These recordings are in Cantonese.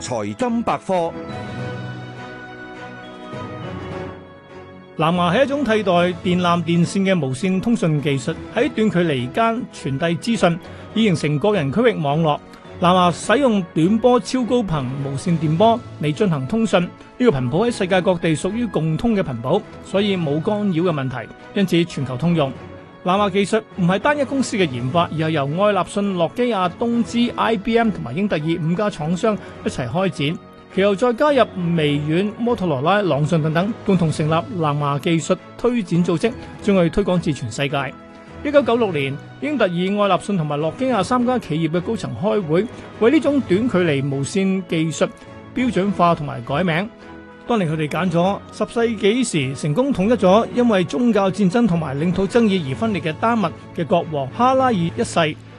財金百科，藍牙係一種替代電纜電線嘅無線通訊技術，喺短距離間傳遞資訊，已形成個人區域網絡。藍牙使用短波超高頻無線電波嚟進行通訊，呢、這個頻譜喺世界各地屬於共通嘅頻譜，所以冇干擾嘅問題，因此全球通用。藍牙技術唔係單一公司嘅研發，而係由愛立信、諾基亞、東芝、IBM 同埋英特爾五家廠商一齊開展，其後再加入微軟、摩托羅拉、朗訊等等，共同成立藍牙技術推展組織，將佢推廣至全世界。一九九六年，英特爾、愛立信同埋諾基亞三家企業嘅高層開會，為呢種短距離無線技術標準化同埋改名。當年佢哋揀咗十世紀時成功統一咗，因為宗教戰爭同埋領土爭議而分裂嘅丹麥嘅國王哈拉爾一世。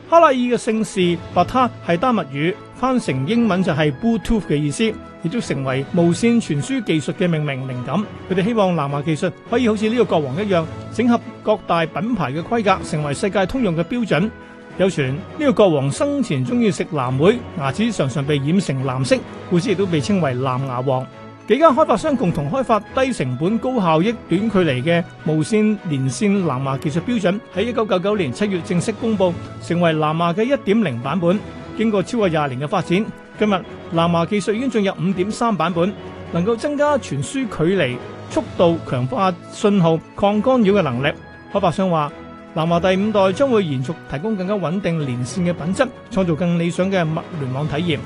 哈拉爾嘅姓氏白他係丹麥語，翻成英文就係 Bluetooth 嘅意思，亦都成為無線傳輸技術嘅命名靈感。佢哋希望藍牙技術可以好似呢個國王一樣整合各大品牌嘅規格，成為世界通用嘅標準。有傳呢個國王生前中意食藍莓，牙齒常常被染成藍色，故此亦都被稱為藍牙王。幾間開發商共同開發低成本、高效益、短距離嘅無線連線藍牙技術標準，喺一九九九年七月正式公布，成為藍牙嘅一點零版本。經過超過廿年嘅發展，今日藍牙技術已經進入五點三版本，能夠增加傳輸距離、速度、強化信號、抗干擾嘅能力。開發商話，藍牙第五代將會延續提供更加穩定連線嘅品質，創造更理想嘅物聯網體驗。